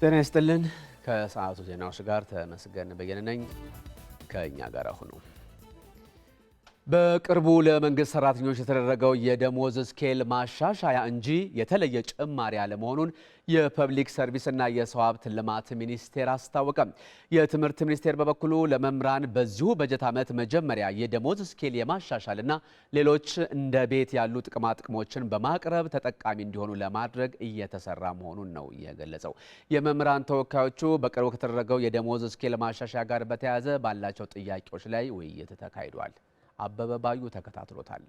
ጤና ይስጥልን። ከሰዓቱ ዜናዎች ጋር ተመስገን በየነ ነኝ። ከእኛ ጋር ሁኑ። በቅርቡ ለመንግስት ሰራተኞች የተደረገው የደሞዝ ስኬል ማሻሻያ እንጂ የተለየ ጭማሪ አለመሆኑን የፐብሊክ ሰርቪስና የሰው ሀብት ልማት ሚኒስቴር አስታወቀ። የትምህርት ሚኒስቴር በበኩሉ ለመምህራን በዚሁ በጀት ዓመት መጀመሪያ የደሞዝ ስኬል የማሻሻልና ሌሎች እንደ ቤት ያሉ ጥቅማ ጥቅሞችን በማቅረብ ተጠቃሚ እንዲሆኑ ለማድረግ እየተሰራ መሆኑን ነው የገለጸው። የመምህራን ተወካዮቹ በቅርቡ ከተደረገው የደሞዝ ስኬል ማሻሻያ ጋር በተያያዘ ባላቸው ጥያቄዎች ላይ ውይይት ተካሂዷል። አበበ ባዩ ተከታትሎታል።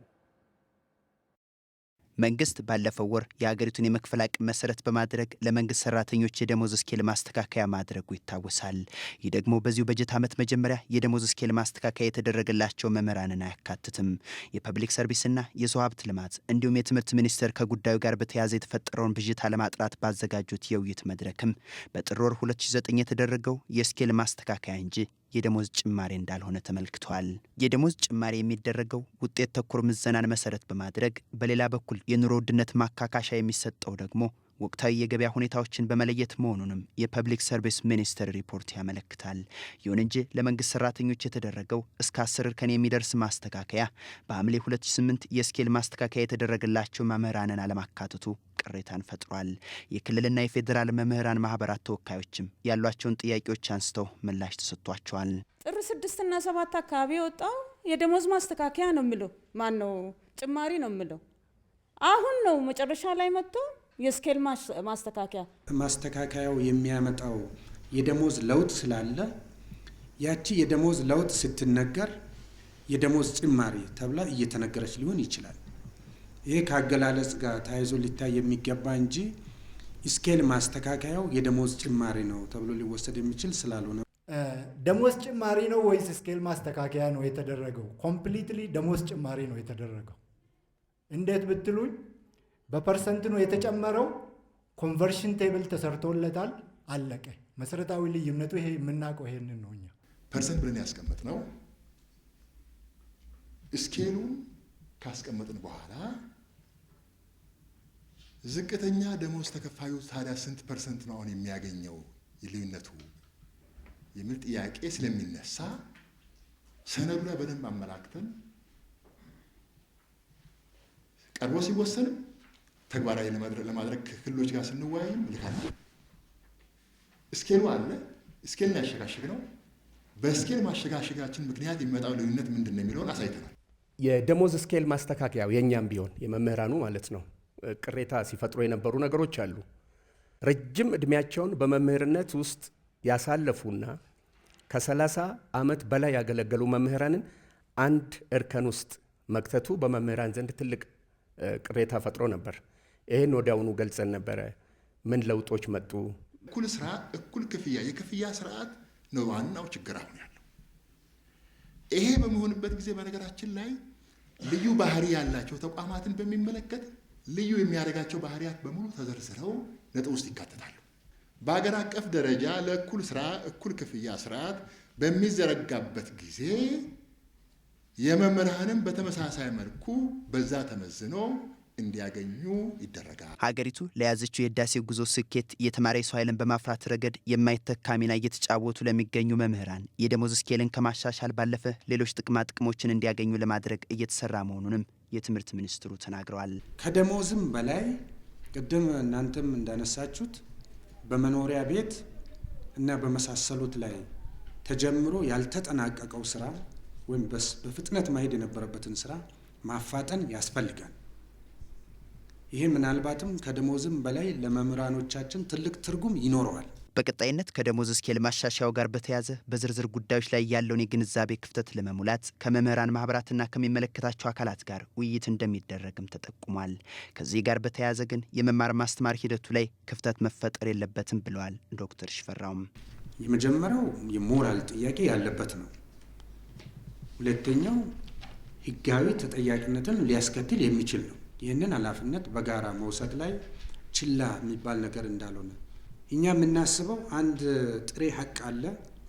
መንግስት ባለፈው ወር የአገሪቱን የመክፈል አቅም መሰረት በማድረግ ለመንግስት ሰራተኞች የደሞዝ ስኬል ማስተካከያ ማድረጉ ይታወሳል። ይህ ደግሞ በዚሁ በጀት ዓመት መጀመሪያ የደሞዝ ስኬል ማስተካከያ የተደረገላቸው መምህራንን አያካትትም። የፐብሊክ ሰርቪስና የሰው ሀብት ልማት እንዲሁም የትምህርት ሚኒስቴር ከጉዳዩ ጋር በተያያዘ የተፈጠረውን ብዥታ ለማጥራት ባዘጋጁት የውይይት መድረክም በጥር ወር 2009 የተደረገው የስኬል ማስተካከያ እንጂ የደሞዝ ጭማሪ እንዳልሆነ ተመልክተዋል። የደሞዝ ጭማሪ የሚደረገው ውጤት ተኮር ምዘናን መሰረት በማድረግ በሌላ በኩል የኑሮ ውድነት ማካካሻ የሚሰጠው ደግሞ ወቅታዊ የገበያ ሁኔታዎችን በመለየት መሆኑንም የፐብሊክ ሰርቪስ ሚኒስቴር ሪፖርት ያመለክታል። ይሁን እንጂ ለመንግስት ሰራተኞች የተደረገው እስከ 10 እርከን የሚደርስ ማስተካከያ በሐምሌ 2008 የስኬል ማስተካከያ የተደረገላቸው መምህራንን አለማካተቱ ቅሬታን ፈጥሯል። የክልልና የፌዴራል መምህራን ማህበራት ተወካዮችም ያሏቸውን ጥያቄዎች አንስተው ምላሽ ተሰጥቷቸዋል። ጥር ስድስትና ሰባት አካባቢ የወጣው የደሞዝ ማስተካከያ ነው የሚለው ማን ነው ጭማሪ ነው የሚለው አሁን ነው መጨረሻ ላይ መጥቶ የስኬል ማስተካከያ ማስተካከያው የሚያመጣው የደሞዝ ለውጥ ስላለ ያቺ የደሞዝ ለውጥ ስትነገር የደሞዝ ጭማሪ ተብላ እየተነገረች ሊሆን ይችላል። ይሄ ከአገላለጽ ጋር ተያይዞ ሊታይ የሚገባ እንጂ ስኬል ማስተካከያው የደሞዝ ጭማሪ ነው ተብሎ ሊወሰድ የሚችል ስላልሆነ ደሞዝ ጭማሪ ነው ወይስ ስኬል ማስተካከያ ነው የተደረገው? ኮምፕሊትሊ ደሞዝ ጭማሪ ነው የተደረገው። እንዴት ብትሉኝ በፐርሰንት ነው የተጨመረው። ኮንቨርሽን ቴብል ተሰርቶለታል። አለቀ። መሰረታዊ ልዩነቱ ይሄ የምናውቀው ይሄንን ነው። እኛ ፐርሰንት ብለን ያስቀመጥ ነው። ስኬሉን ካስቀመጥን በኋላ ዝቅተኛ ደሞዝ ተከፋዩ ታዲያ ስንት ፐርሰንት ነው አሁን የሚያገኘው ልዩነቱ የሚል ጥያቄ ስለሚነሳ ሰነዱ ላይ በደንብ አመላክተን ቀርቦ ሲወሰንም ተግባራዊ ለማድረግ ከክልሎች ጋር ስንወያይም ልካል እስኬሉ አለ። እስኬል ያሸጋሽግ ነው። በስኬል ማሸጋሸጋችን ምክንያት የሚመጣው ልዩነት ምንድን ነው የሚለውን አሳይተናል። የደሞዝ ስኬል ማስተካከያው የእኛም ቢሆን የመምህራኑ ማለት ነው ቅሬታ ሲፈጥሩ የነበሩ ነገሮች አሉ። ረጅም እድሜያቸውን በመምህርነት ውስጥ ያሳለፉና ከ30 ዓመት በላይ ያገለገሉ መምህራንን አንድ እርከን ውስጥ መክተቱ በመምህራን ዘንድ ትልቅ ቅሬታ ፈጥሮ ነበር። ይህን ወዲያውኑ ገልጸን ነበረ። ምን ለውጦች መጡ? እኩል ስራ፣ እኩል ክፍያ፣ የክፍያ ስርዓት ነው ዋናው ችግር አሁን ያለው። ይሄ በመሆንበት ጊዜ በነገራችን ላይ ልዩ ባህሪ ያላቸው ተቋማትን በሚመለከት ልዩ የሚያደርጋቸው ባህሪያት በሙሉ ተዘርዝረው ነጥብ ውስጥ ይካተታሉ። በሀገር አቀፍ ደረጃ ለእኩል ስራ እኩል ክፍያ ስርዓት በሚዘረጋበት ጊዜ የመምህራንም በተመሳሳይ መልኩ በዛ ተመዝኖ እንዲያገኙ ይደረጋል። ሀገሪቱ ለያዘችው የህዳሴ ጉዞ ስኬት የተማሪ የሰው ኃይልን በማፍራት ረገድ የማይተካ ሚና እየተጫወቱ ለሚገኙ መምህራን የደሞዝ ስኬልን ከማሻሻል ባለፈ ሌሎች ጥቅማ ጥቅሞችን እንዲያገኙ ለማድረግ እየተሰራ መሆኑንም የትምህርት ሚኒስትሩ ተናግረዋል። ከደሞዝም በላይ ቅድም እናንተም እንዳነሳችሁት በመኖሪያ ቤት እና በመሳሰሉት ላይ ተጀምሮ ያልተጠናቀቀው ስራ ወይም በፍጥነት ማሄድ የነበረበትን ስራ ማፋጠን ያስፈልጋል። ይህ ምናልባትም ከደሞዝም በላይ ለመምህራኖቻችን ትልቅ ትርጉም ይኖረዋል። በቀጣይነት ከደሞዝ ስኬል ማሻሻያው ጋር በተያያዘ በዝርዝር ጉዳዮች ላይ ያለውን የግንዛቤ ክፍተት ለመሙላት ከመምህራን ማህበራትና ከሚመለከታቸው አካላት ጋር ውይይት እንደሚደረግም ተጠቁሟል። ከዚህ ጋር በተያያዘ ግን የመማር ማስተማር ሂደቱ ላይ ክፍተት መፈጠር የለበትም ብለዋል ዶክተር ሽፈራውም። የመጀመሪያው የሞራል ጥያቄ ያለበት ነው። ሁለተኛው ህጋዊ ተጠያቂነትን ሊያስከትል የሚችል ነው። ይህንን ኃላፊነት በጋራ መውሰድ ላይ ችላ የሚባል ነገር እንዳልሆነ እኛ የምናስበው አንድ ጥሬ ሀቅ አለ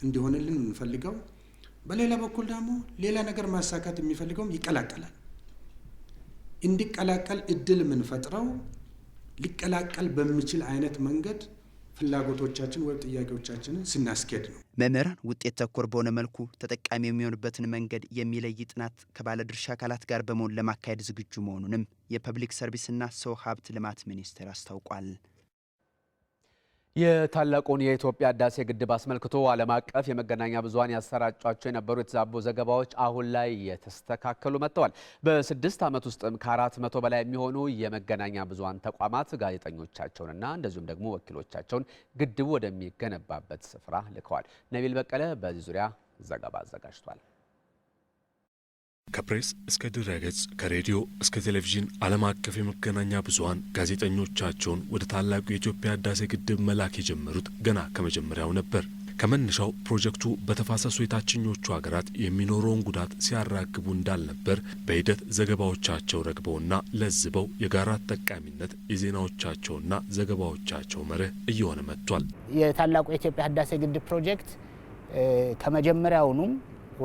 እንዲሆንልን የምንፈልገው፣ በሌላ በኩል ደግሞ ሌላ ነገር ማሳካት የሚፈልገውም ይቀላቀላል። እንዲቀላቀል እድል የምንፈጥረው ሊቀላቀል በሚችል አይነት መንገድ ፍላጎቶቻችን ወይም ጥያቄዎቻችንን ስናስኬድ ነው። መምህራን ውጤት ተኮር በሆነ መልኩ ተጠቃሚ የሚሆንበትን መንገድ የሚለይ ጥናት ከባለድርሻ አካላት ጋር በመሆን ለማካሄድ ዝግጁ መሆኑንም የፐብሊክ ሰርቪስና ሰው ሀብት ልማት ሚኒስቴር አስታውቋል። የታላቁን የኢትዮጵያ ህዳሴ ግድብ አስመልክቶ ዓለም አቀፍ የመገናኛ ብዙኃን ያሰራጯቸው የነበሩ የተዛቡ ዘገባዎች አሁን ላይ የተስተካከሉ መጥተዋል። በስድስት ዓመት ውስጥም ከአራት መቶ በላይ የሚሆኑ የመገናኛ ብዙኃን ተቋማት ጋዜጠኞቻቸውንና እንደዚሁም ደግሞ ወኪሎቻቸውን ግድቡ ወደሚገነባበት ስፍራ ልከዋል። ነቢል በቀለ በዚህ ዙሪያ ዘገባ አዘጋጅቷል። ከፕሬስ እስከ ድረገጽ ከሬዲዮ እስከ ቴሌቪዥን ዓለም አቀፍ የመገናኛ ብዙኃን ጋዜጠኞቻቸውን ወደ ታላቁ የኢትዮጵያ ህዳሴ ግድብ መላክ የጀመሩት ገና ከመጀመሪያው ነበር። ከመነሻው ፕሮጀክቱ በተፋሰሱ የታችኞቹ ሀገራት የሚኖረውን ጉዳት ሲያራግቡ እንዳልነበር በሂደት ዘገባዎቻቸው ረግበውና ለዝበው የጋራ ጠቃሚነት የዜናዎቻቸውና ዘገባዎቻቸው መርህ እየሆነ መጥቷል። የታላቁ የኢትዮጵያ ህዳሴ ግድብ ፕሮጀክት ከመጀመሪያውኑም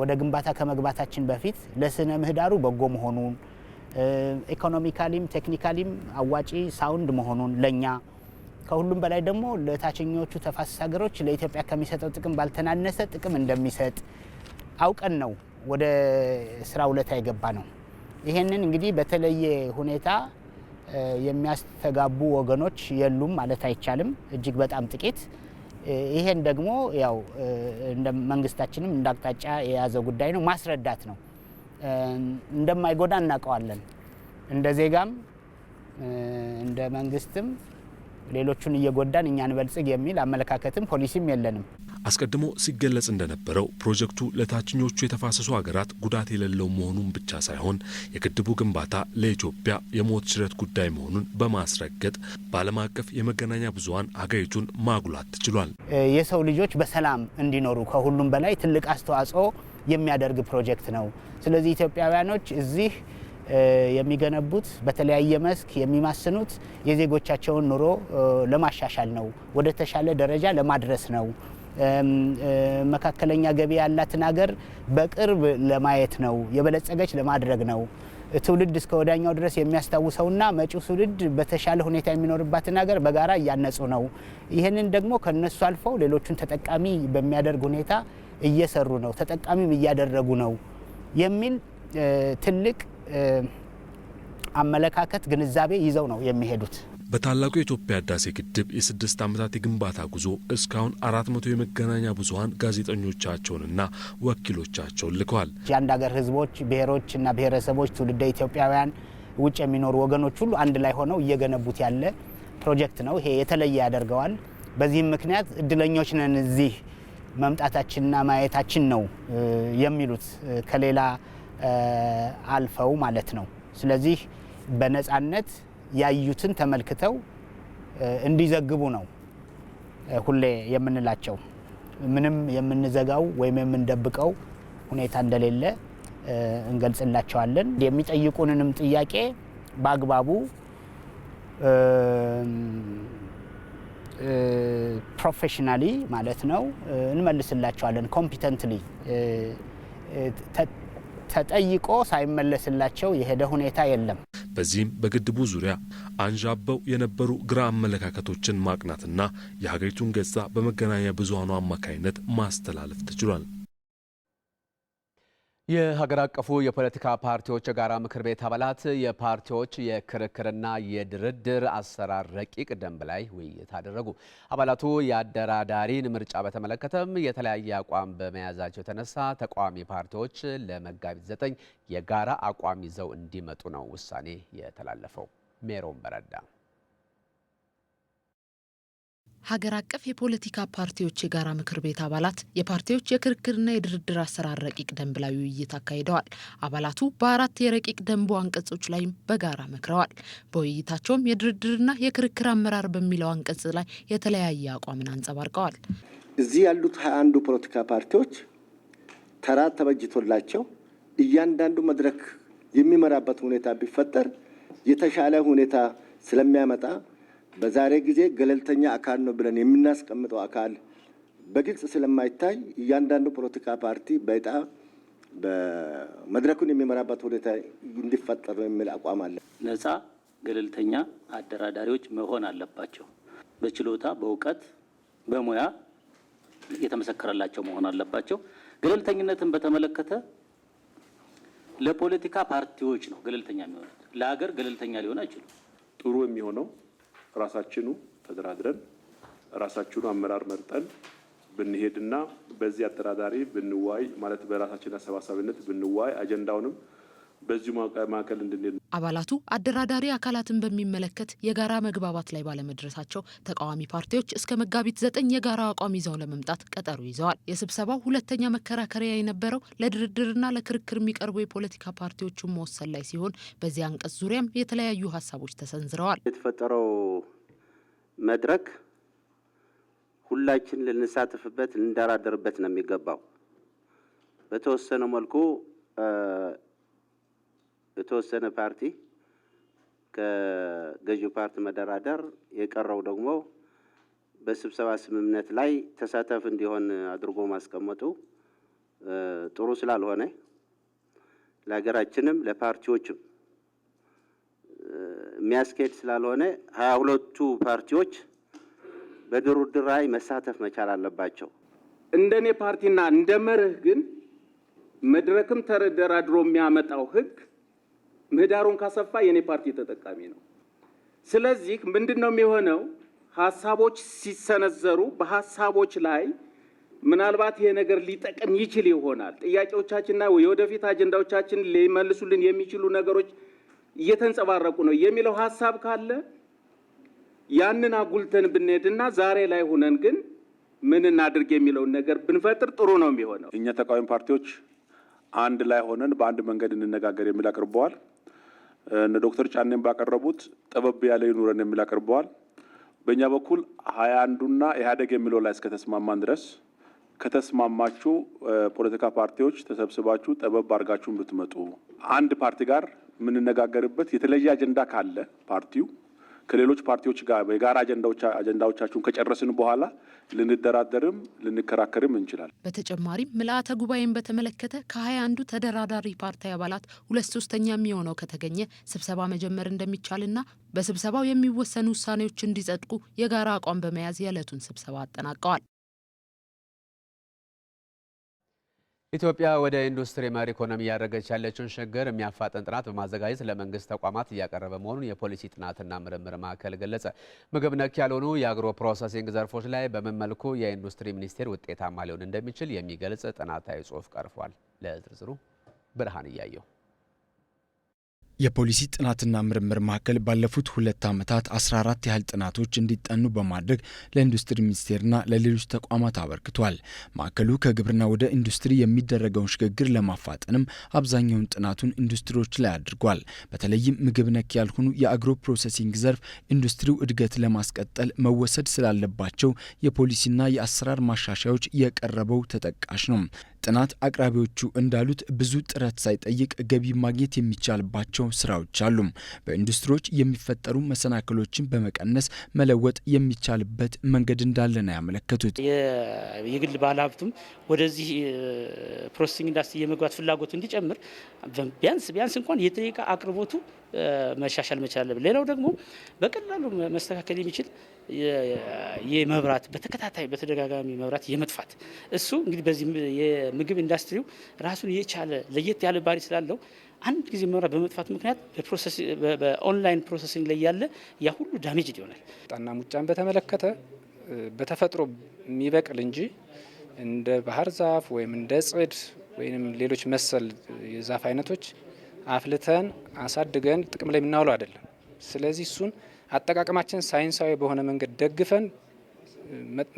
ወደ ግንባታ ከመግባታችን በፊት ለስነ ምህዳሩ በጎ መሆኑን ኢኮኖሚካሊም ቴክኒካሊም አዋጪ ሳውንድ መሆኑን ለእኛ ከሁሉም በላይ ደግሞ ለታችኞቹ ተፋሰስ ሀገሮች ለኢትዮጵያ ከሚሰጠው ጥቅም ባልተናነሰ ጥቅም እንደሚሰጥ አውቀን ነው ወደ ስራ ውለታ የገባ ነው። ይሄንን እንግዲህ በተለየ ሁኔታ የሚያስተጋቡ ወገኖች የሉም ማለት አይቻልም። እጅግ በጣም ጥቂት ይሄን ደግሞ ያው እንደ መንግስታችንም እንደ አቅጣጫ የያዘ ጉዳይ ነው ማስረዳት ነው። እንደማይጎዳ እናውቀዋለን። እንደ ዜጋም እንደ መንግስትም ሌሎቹን እየጎዳን እኛን በልጽግ የሚል አመለካከትም ፖሊሲም የለንም። አስቀድሞ ሲገለጽ እንደነበረው ፕሮጀክቱ ለታችኞቹ የተፋሰሱ ሀገራት ጉዳት የሌለው መሆኑን ብቻ ሳይሆን የግድቡ ግንባታ ለኢትዮጵያ የሞት ሽረት ጉዳይ መሆኑን በማስረገጥ በዓለም አቀፍ የመገናኛ ብዙኃን አገሪቱን ማጉላት ትችሏል። የሰው ልጆች በሰላም እንዲኖሩ ከሁሉም በላይ ትልቅ አስተዋጽኦ የሚያደርግ ፕሮጀክት ነው። ስለዚህ ኢትዮጵያውያኖች እዚህ የሚገነቡት በተለያየ መስክ የሚማስኑት የዜጎቻቸውን ኑሮ ለማሻሻል ነው፣ ወደ ተሻለ ደረጃ ለማድረስ ነው፣ መካከለኛ ገቢ ያላትን ሀገር በቅርብ ለማየት ነው፣ የበለጸገች ለማድረግ ነው። ትውልድ እስከ ወዳኛው ድረስ የሚያስታውሰውና መጪው ትውልድ በተሻለ ሁኔታ የሚኖርባትን ሀገር በጋራ እያነጹ ነው። ይህንን ደግሞ ከነሱ አልፈው ሌሎቹን ተጠቃሚ በሚያደርግ ሁኔታ እየሰሩ ነው፣ ተጠቃሚም እያደረጉ ነው የሚል ትልቅ አመለካከት፣ ግንዛቤ ይዘው ነው የሚሄዱት። በታላቁ የኢትዮጵያ ህዳሴ ግድብ የስድስት ዓመታት የግንባታ ጉዞ እስካሁን አራት መቶ የመገናኛ ብዙሀን ጋዜጠኞቻቸውንና ወኪሎቻቸውን ልከዋል። የአንድ ሀገር ህዝቦች፣ ብሔሮችና ብሔረሰቦች፣ ትውልደ ኢትዮጵያውያን፣ ውጭ የሚኖሩ ወገኖች ሁሉ አንድ ላይ ሆነው እየገነቡት ያለ ፕሮጀክት ነው። ይሄ የተለየ ያደርገዋል። በዚህም ምክንያት እድለኞች ነን እዚህ መምጣታችንና ማየታችን ነው የሚሉት ከሌላ አልፈው ማለት ነው። ስለዚህ በነፃነት ያዩትን ተመልክተው እንዲዘግቡ ነው ሁሌ የምንላቸው። ምንም የምንዘጋው ወይም የምንደብቀው ሁኔታ እንደሌለ እንገልጽላቸዋለን። የሚጠይቁንንም ጥያቄ በአግባቡ ፕሮፌሽናሊ ማለት ነው እንመልስላቸዋለን ኮምፒተንትሊ ተጠይቆ ሳይመለስላቸው የሄደ ሁኔታ የለም። በዚህም በግድቡ ዙሪያ አንዣበው የነበሩ ግራ አመለካከቶችን ማቅናትና የሀገሪቱን ገጽታ በመገናኛ ብዙሃኑ አማካኝነት ማስተላለፍ ተችሏል። የሀገር አቀፉ የፖለቲካ ፓርቲዎች የጋራ ምክር ቤት አባላት የፓርቲዎች የክርክርና የድርድር አሰራር ረቂቅ ደንብ ላይ ውይይት አደረጉ። አባላቱ የአደራዳሪን ምርጫ በተመለከተም የተለያየ አቋም በመያዛቸው የተነሳ ተቃዋሚ ፓርቲዎች ለመጋቢት ዘጠኝ የጋራ አቋም ይዘው እንዲመጡ ነው ውሳኔ የተላለፈው። ሜሮን በረዳ ሀገር አቀፍ የፖለቲካ ፓርቲዎች የጋራ ምክር ቤት አባላት የፓርቲዎች የክርክርና የድርድር አሰራር ረቂቅ ደንብ ላይ ውይይት አካሂደዋል። አባላቱ በአራት የረቂቅ ደንቡ አንቀጾች ላይም በጋራ መክረዋል። በውይይታቸውም የድርድርና የክርክር አመራር በሚለው አንቀጽ ላይ የተለያየ አቋምን አንጸባርቀዋል። እዚህ ያሉት ሀያ አንዱ ፖለቲካ ፓርቲዎች ተራ ተበጅቶላቸው እያንዳንዱ መድረክ የሚመራበት ሁኔታ ቢፈጠር የተሻለ ሁኔታ ስለሚያመጣ በዛሬ ጊዜ ገለልተኛ አካል ነው ብለን የምናስቀምጠው አካል በግልጽ ስለማይታይ እያንዳንዱ ፖለቲካ ፓርቲ በጣ መድረኩን የሚመራበት ሁኔታ እንዲፈጠር ነው የሚል አቋም አለ። ነፃ ገለልተኛ አደራዳሪዎች መሆን አለባቸው። በችሎታ በእውቀት በሙያ የተመሰከረላቸው መሆን አለባቸው። ገለልተኝነትን በተመለከተ ለፖለቲካ ፓርቲዎች ነው ገለልተኛ የሚሆኑት። ለሀገር ገለልተኛ ሊሆን አይችሉም። ጥሩ የሚሆነው ራሳችኑ ተደራድረን ራሳችኑ አመራር መርጠን ብንሄድና በዚህ አደራዳሪ ብንዋይ ማለት በራሳችን አሰባሳቢነት ብንዋይ አጀንዳውንም በዚሁ ማዕከል እንድንሄድ አባላቱ አደራዳሪ አካላትን በሚመለከት የጋራ መግባባት ላይ ባለመድረሳቸው ተቃዋሚ ፓርቲዎች እስከ መጋቢት ዘጠኝ የጋራ አቋም ይዘው ለመምጣት ቀጠሩ ይዘዋል። የስብሰባው ሁለተኛ መከራከሪያ የነበረው ለድርድርና ለክርክር የሚቀርቡ የፖለቲካ ፓርቲዎቹን መወሰን ላይ ሲሆን በዚህ አንቀጽ ዙሪያም የተለያዩ ሀሳቦች ተሰንዝረዋል። የተፈጠረው መድረክ ሁላችን ልንሳተፍበት ልንደራደርበት ነው የሚገባው በተወሰነ መልኩ የተወሰነ ፓርቲ ከገዢው ፓርቲ መደራደር፣ የቀረው ደግሞ በስብሰባ ስምምነት ላይ ተሳተፍ እንዲሆን አድርጎ ማስቀመጡ ጥሩ ስላልሆነ ለሀገራችንም ለፓርቲዎችም የሚያስኬድ ስላልሆነ ሀያ ሁለቱ ፓርቲዎች በድርድር ላይ መሳተፍ መቻል አለባቸው። እንደ እኔ ፓርቲና እንደ መርህ ግን መድረክም ተደራድሮ የሚያመጣው ህግ ምህዳሩን ካሰፋ የኔ ፓርቲ ተጠቃሚ ነው። ስለዚህ ምንድን ነው የሚሆነው? ሀሳቦች ሲሰነዘሩ በሀሳቦች ላይ ምናልባት ይሄ ነገር ሊጠቅም ይችል ይሆናል፣ ጥያቄዎቻችንና የወደፊት አጀንዳዎቻችን ሊመልሱልን የሚችሉ ነገሮች እየተንጸባረቁ ነው የሚለው ሀሳብ ካለ ያንን አጉልተን ብንሄድና ዛሬ ላይ ሆነን ግን ምን እናድርግ የሚለውን ነገር ብንፈጥር ጥሩ ነው የሚሆነው። እኛ ተቃዋሚ ፓርቲዎች አንድ ላይ ሆነን በአንድ መንገድ እንነጋገር የሚል አቅርበዋል። እነ ዶክተር ጫኔም ባቀረቡት ጥበብ ያለ ይኑረን የሚል አቅርበዋል። በእኛ በኩል ሀያ አንዱና ኢህአዴግ የሚለው ላይ እስከተስማማን ድረስ ከተስማማችሁ ፖለቲካ ፓርቲዎች ተሰብስባችሁ ጠበብ አድርጋችሁ ብትመጡ አንድ ፓርቲ ጋር የምንነጋገርበት የተለየ አጀንዳ ካለ ፓርቲው ከሌሎች ፓርቲዎች ጋር የጋራ አጀንዳዎቻችሁን ከጨረስን በኋላ ልንደራደርም ልንከራከርም እንችላል። በተጨማሪም ምልአተ ጉባኤን በተመለከተ ከሀያ አንዱ ተደራዳሪ ፓርቲ አባላት ሁለት ሶስተኛ የሚሆነው ከተገኘ ስብሰባ መጀመር እንደሚቻልና በስብሰባው የሚወሰኑ ውሳኔዎች እንዲጸድቁ የጋራ አቋም በመያዝ የዕለቱን ስብሰባ አጠናቀዋል። ኢትዮጵያ ወደ ኢንዱስትሪ መር ኢኮኖሚ እያደረገች ያለችውን ሽግግር የሚያፋጥን ጥናት በማዘጋጀት ለመንግስት ተቋማት እያቀረበ መሆኑን የፖሊሲ ጥናትና ምርምር ማዕከል ገለጸ። ምግብ ነክ ያልሆኑ የአግሮ ፕሮሰሲንግ ዘርፎች ላይ በምን መልኩ የኢንዱስትሪ ሚኒስቴር ውጤታማ ሊሆን እንደሚችል የሚገልጽ ጥናታዊ ጽሑፍ ቀርቧል። ለዝርዝሩ ብርሃን እያየው የፖሊሲ ጥናትና ምርምር ማዕከል ባለፉት ሁለት ዓመታት 14 ያህል ጥናቶች እንዲጠኑ በማድረግ ለኢንዱስትሪ ሚኒስቴርና ለሌሎች ተቋማት አበርክቷል። ማዕከሉ ከግብርና ወደ ኢንዱስትሪ የሚደረገውን ሽግግር ለማፋጠንም አብዛኛውን ጥናቱን ኢንዱስትሪዎች ላይ አድርጓል። በተለይም ምግብ ነክ ያልሆኑ የአግሮ ፕሮሰሲንግ ዘርፍ ኢንዱስትሪው እድገት ለማስቀጠል መወሰድ ስላለባቸው የፖሊሲና የአሰራር ማሻሻያዎች የቀረበው ተጠቃሽ ነው። ጥናት አቅራቢዎቹ እንዳሉት ብዙ ጥረት ሳይጠይቅ ገቢ ማግኘት የሚቻልባቸው ስራዎች አሉ። በኢንዱስትሪዎች የሚፈጠሩ መሰናክሎችን በመቀነስ መለወጥ የሚቻልበት መንገድ እንዳለ ነው ያመለከቱት። የግል ባለሀብቱም ወደዚህ ፕሮሰሲንግ ኢንዱስትሪ የመግባት ፍላጎቱ እንዲጨምር ቢያንስ ቢያንስ እንኳን የጥሬ አቅርቦቱ መሻሻል መቻል። ሌላው ደግሞ በቀላሉ መስተካከል የሚችል የመብራት በተከታታይ በተደጋጋሚ መብራት የመጥፋት እሱ እንግዲህ በዚህ የምግብ ኢንዱስትሪው ራሱን የቻለ ለየት ያለ ባህሪ ስላለው አንድ ጊዜ መብራት በመጥፋት ምክንያት በኦንላይን ፕሮሰሲንግ ላይ ያለ ያ ሁሉ ዳሜጅ ይሆናል። ጣና ሙጫን በተመለከተ በተፈጥሮ የሚበቅል እንጂ እንደ ባህር ዛፍ ወይም እንደ ጽድ ወይም ሌሎች መሰል የዛፍ አይነቶች አፍልተን አሳድገን ጥቅም ላይ የምናውለው አይደለም። ስለዚህ እሱን አጠቃቀማችን ሳይንሳዊ በሆነ መንገድ ደግፈን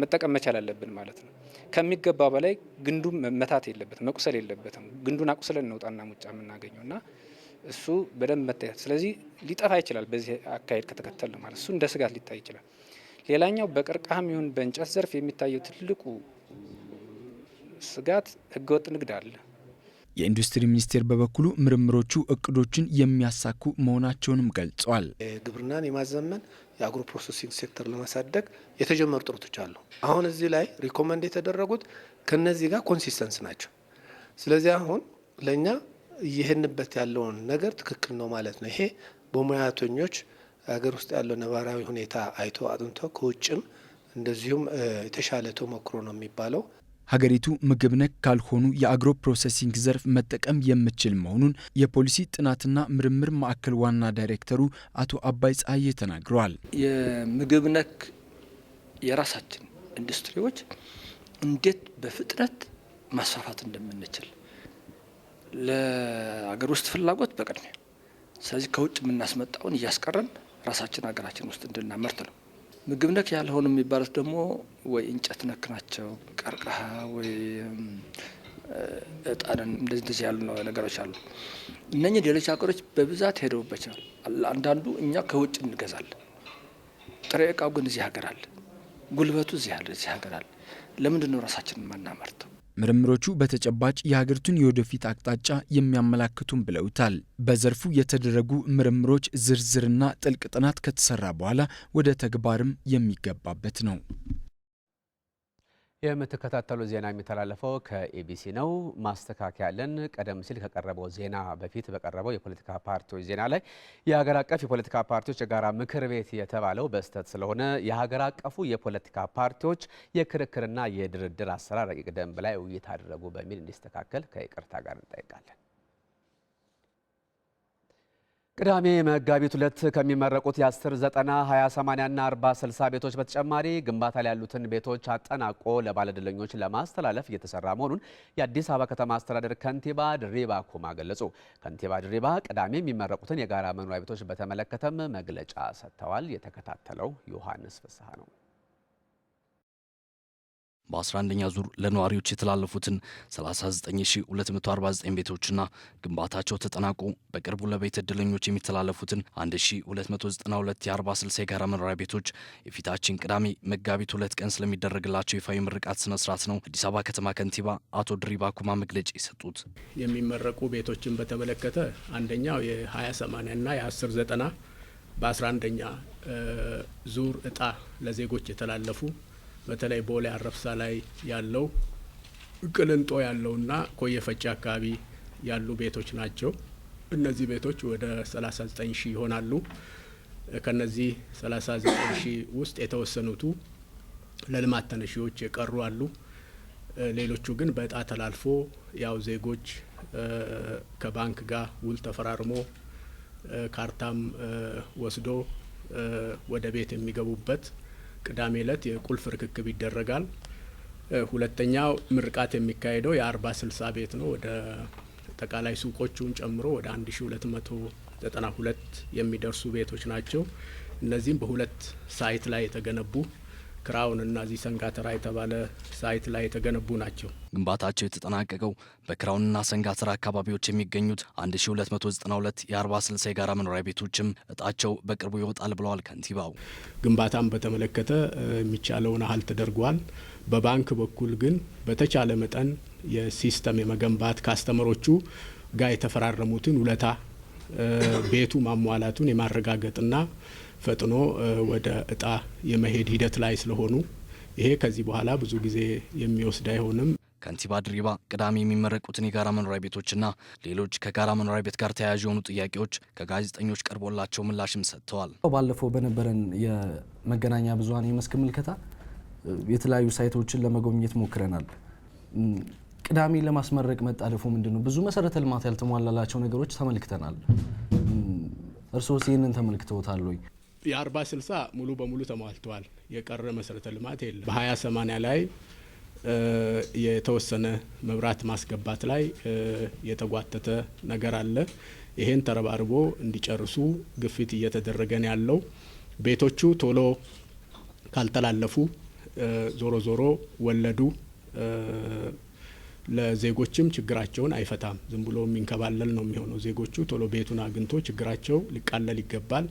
መጠቀም መቻል አለብን ማለት ነው። ከሚገባው በላይ ግንዱ መታት የለበትም፣ መቁሰል የለበትም። ግንዱን አቁስለን ነው ሙጫ የምናገኘው እና እሱ በደንብ መታየት። ስለዚህ ሊጠፋ ይችላል በዚህ አካሄድ ከተከተል ማለት እሱ እንደ ስጋት ሊታይ ይችላል። ሌላኛው በቀርከሃም ይሁን በእንጨት ዘርፍ የሚታየው ትልቁ ስጋት ህገወጥ ንግድ አለ። የኢንዱስትሪ ሚኒስቴር በበኩሉ ምርምሮቹ እቅዶችን የሚያሳኩ መሆናቸውንም ገልጿል። ግብርናን የማዘመን የአግሮ ፕሮሰሲንግ ሴክተር ለማሳደግ የተጀመሩ ጥረቶች አሉ። አሁን እዚህ ላይ ሪኮመንድ የተደረጉት ከነዚህ ጋር ኮንሲስተንስ ናቸው። ስለዚህ አሁን ለእኛ ይህንበት ያለውን ነገር ትክክል ነው ማለት ነው። ይሄ በሙያተኞች ሀገር ውስጥ ያለው ነባራዊ ሁኔታ አይቶ አጥንቶ ከውጭም እንደዚሁም የተሻለ ተሞክሮ ነው የሚባለው ሀገሪቱ ምግብ ነክ ካልሆኑ የአግሮ ፕሮሰሲንግ ዘርፍ መጠቀም የምችል መሆኑን የፖሊሲ ጥናትና ምርምር ማዕከል ዋና ዳይሬክተሩ አቶ አባይ ጸሐዬ ተናግረዋል። የምግብ ነክ የራሳችን ኢንዱስትሪዎች እንዴት በፍጥነት ማስፋፋት እንደምንችል ለአገር ውስጥ ፍላጎት በቅድሚያ ስለዚህ ከውጭ የምናስመጣውን እያስቀረን ራሳችን ሀገራችን ውስጥ እንድናመርት ነው። ምግብ ነክ ያልሆኑ የሚባሉት ደግሞ ወይ እንጨት ነክ ናቸው፣ ቀርቀሃ ወይ እጣንን እንደዚህ እንደዚህ ያሉ ነገሮች አሉ። እነኚህ ሌሎች ሀገሮች በብዛት ሄደውበታል። አንዳንዱ እኛ ከውጭ እንገዛለን። ጥሬ እቃው ግን እዚህ ሀገር አለ፣ ጉልበቱ እዚህ አለ፣ እዚህ ሀገር አለ። ለምንድን ነው ራሳችንን የማናመርተው? ምርምሮቹ በተጨባጭ የሀገሪቱን የወደፊት አቅጣጫ የሚያመላክቱም ብለውታል። በዘርፉ የተደረጉ ምርምሮች ዝርዝርና ጥልቅ ጥናት ከተሰራ በኋላ ወደ ተግባርም የሚገባበት ነው። የምትከታተሉ ዜና የሚተላለፈው ከኤቢሲ ነው። ማስተካከያ ያለን ቀደም ሲል ከቀረበው ዜና በፊት በቀረበው የፖለቲካ ፓርቲዎች ዜና ላይ የሀገር አቀፍ የፖለቲካ ፓርቲዎች የጋራ ምክር ቤት የተባለው በስህተት ስለሆነ የሀገር አቀፉ የፖለቲካ ፓርቲዎች የክርክርና የድርድር አሰራር ረቂቅ ደንብ ላይ ውይይት አደረጉ በሚል እንዲስተካከል ከይቅርታ ጋር እንጠይቃለን። ቅዳሜ መጋቢት ሁለት ከሚመረቁት የአስር 10 90 20 ና 40 60 ቤቶች በተጨማሪ ግንባታ ላይ ያሉትን ቤቶች አጠናቆ ለባለድለኞች ለማስተላለፍ እየተሰራ መሆኑን የአዲስ አበባ ከተማ አስተዳደር ከንቲባ ድሪባ ኩማ ገለጹ። ከንቲባ ድሪባ ቅዳሜ የሚመረቁትን የጋራ መኖሪያ ቤቶች በተመለከተም መግለጫ ሰጥተዋል። የተከታተለው ዮሐንስ ፍስሐ ነው። በ11ኛ ዙር ለነዋሪዎች የተላለፉትን 39249 ቤቶችና ግንባታቸው ተጠናቆ በቅርቡ ለቤት እድለኞች የሚተላለፉትን 1292 የ40/60 የጋራ መኖሪያ ቤቶች የፊታችን ቅዳሜ መጋቢት ሁለት ቀን ስለሚደረግላቸው ይፋዊ ምርቃት ስነ ስርዓት ነው አዲስ አበባ ከተማ ከንቲባ አቶ ድሪባ ኩማ መግለጫ የሰጡት። የሚመረቁ ቤቶችን በተመለከተ አንደኛው የ 20 ና የ 1090 በ11ኛ ዙር እጣ ለዜጎች የተላለፉ በተለይ ቦሌ አረብሳ ላይ ያለው ቅልንጦ ያለውና ኮየ አካባቢ ያሉ ቤቶች ናቸው። እነዚህ ቤቶች ወደ 39 ሺህ ይሆናሉ። ከነዚህ 39 ሺህ ውስጥ የተወሰኑቱ ለልማት ተነሺዎች የቀሩ አሉ። ሌሎቹ ግን በእጣ ተላልፎ ያው ዜጎች ከባንክ ጋር ውል ተፈራርሞ ካርታም ወስዶ ወደ ቤት የሚገቡበት ቅዳሜ እለት የቁልፍ ርክክብ ይደረጋል። ሁለተኛው ምርቃት የሚካሄደው የአርባ ስልሳ ቤት ነው። ወደ አጠቃላይ ሱቆቹን ጨምሮ ወደ አንድ ሺ ሁለት መቶ ዘጠና ሁለት የሚደርሱ ቤቶች ናቸው። እነዚህም በሁለት ሳይት ላይ የተገነቡ ክራውን እና እዚህ ሰንጋተራ የተባለ ሳይት ላይ የተገነቡ ናቸው። ግንባታቸው የተጠናቀቀው በክራውንና ሰንጋተራ አካባቢዎች የሚገኙት 1292 የ 40 የጋራ መኖሪያ ቤቶችም እጣቸው በቅርቡ ይወጣል ብለዋል ከንቲባው። ግንባታም በተመለከተ የሚቻለውን ያህል ተደርጓል። በባንክ በኩል ግን በተቻለ መጠን የሲስተም የመገንባት ካስተመሮቹ ጋር የተፈራረሙትን ውለታ ቤቱ ማሟላቱን የማረጋገጥና ፈጥኖ ወደ እጣ የመሄድ ሂደት ላይ ስለሆኑ ይሄ ከዚህ በኋላ ብዙ ጊዜ የሚወስድ አይሆንም። ከንቲባ ድሪባ ቅዳሜ የሚመረቁትን የጋራ መኖሪያ ቤቶችና ሌሎች ከጋራ መኖሪያ ቤት ጋር ተያያዥ የሆኑ ጥያቄዎች ከጋዜጠኞች ቀርቦላቸው ምላሽም ሰጥተዋል። ባለፈው በነበረን የመገናኛ ብዙሀን የመስክ ምልከታ የተለያዩ ሳይቶችን ለመጎብኘት ሞክረናል። ቅዳሜ ለማስመረቅ መጣደፉ ምንድን ነው? ብዙ መሰረተ ልማት ያልተሟላላቸው ነገሮች ተመልክተናል። እርስዎስ ይህንን ተመልክተውታል ወይ? የአርባ ስልሳ ሙሉ በሙሉ ተሟልተዋል። የቀረ መሰረተ ልማት የለም። በሀያ ሰማኒያ ላይ የተወሰነ መብራት ማስገባት ላይ የተጓተተ ነገር አለ። ይሄን ተረባርቦ እንዲጨርሱ ግፊት እየተደረገ ያለው። ቤቶቹ ቶሎ ካልተላለፉ ዞሮ ዞሮ ወለዱ ለዜጎችም ችግራቸውን አይፈታም። ዝም ብሎ የሚንከባለል ነው የሚሆነው። ዜጎቹ ቶሎ ቤቱን አግኝቶ ችግራቸው ሊቃለል ይገባል።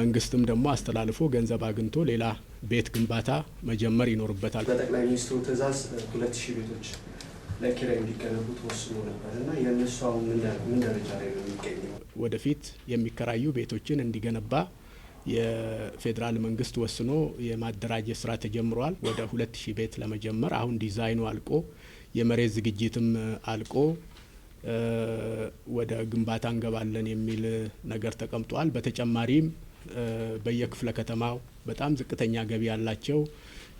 መንግስትም ደግሞ አስተላልፎ ገንዘብ አግኝቶ ሌላ ቤት ግንባታ መጀመር ይኖርበታል። በጠቅላይ ሚኒስትሩ ትእዛዝ ሁለት ሺህ ቤቶች ለኪራይ እንዲገነቡ ተወስኖ ነበር እና የእነሱ አሁን ምን ደረጃ ላይ ነው የሚገኘው? ወደፊት የሚከራዩ ቤቶችን እንዲገነባ የፌዴራል መንግስት ወስኖ የማደራጀት ስራ ተጀምሯል። ወደ ሁለት ሺህ ቤት ለመጀመር አሁን ዲዛይኑ አልቆ የመሬት ዝግጅትም አልቆ ወደ ግንባታ እንገባለን የሚል ነገር ተቀምጧል። በተጨማሪም በየክፍለ ከተማው በጣም ዝቅተኛ ገቢ ያላቸው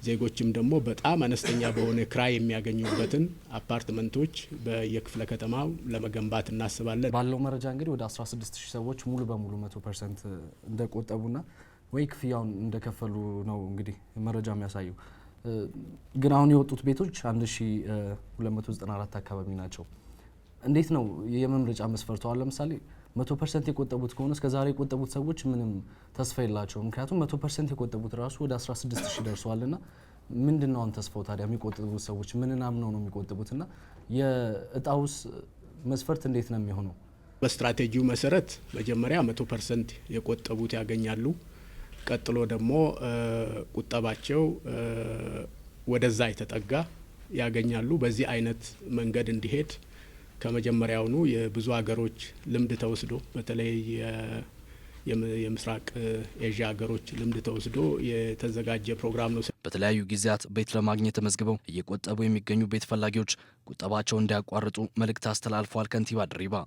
ዜጎችም ደግሞ በጣም አነስተኛ በሆነ ክራይ የሚያገኙበትን አፓርትመንቶች በየክፍለ ከተማው ለመገንባት እናስባለን። ባለው መረጃ እንግዲህ ወደ 16 ሺህ ሰዎች ሙሉ በሙሉ መቶ ፐርሰንት እንደቆጠቡና ወይ ክፍያውን እንደከፈሉ ነው እንግዲህ መረጃ የሚያሳየው። ግን አሁን የወጡት ቤቶች 1294 አካባቢ ናቸው። እንዴት ነው የመምረጫ መስፈርቱ? አሁን ለምሳሌ መቶ ፐርሰንት የቆጠቡት ከሆነ እስከ ዛሬ የቆጠቡት ሰዎች ምንም ተስፋ የላቸው። ምክንያቱም መቶ ፐርሰንት የቆጠቡት ራሱ ወደ 16 ሺህ ደርሰዋል። ና ምንድን ነው አሁን ተስፋው ታዲያ? የሚቆጥቡት ሰዎች ምንን አምነው ነው የሚቆጥቡት? ና የእጣውስ መስፈርት እንዴት ነው የሚሆነው? በስትራቴጂው መሰረት መጀመሪያ መቶ ፐርሰንት የቆጠቡት ያገኛሉ። ቀጥሎ ደግሞ ቁጠባቸው ወደዛ የተጠጋ ያገኛሉ። በዚህ አይነት መንገድ እንዲሄድ ከመጀመሪያውኑ የብዙ ሀገሮች ልምድ ተወስዶ በተለይ የምስራቅ ኤዥያ ሀገሮች ልምድ ተወስዶ የተዘጋጀ ፕሮግራም ነው። በተለያዩ ጊዜያት ቤት ለማግኘት ተመዝግበው እየቆጠቡ የሚገኙ ቤት ፈላጊዎች ቁጠባቸው እንዳያቋርጡ መልእክት አስተላልፈዋል ከንቲባ ድሪባ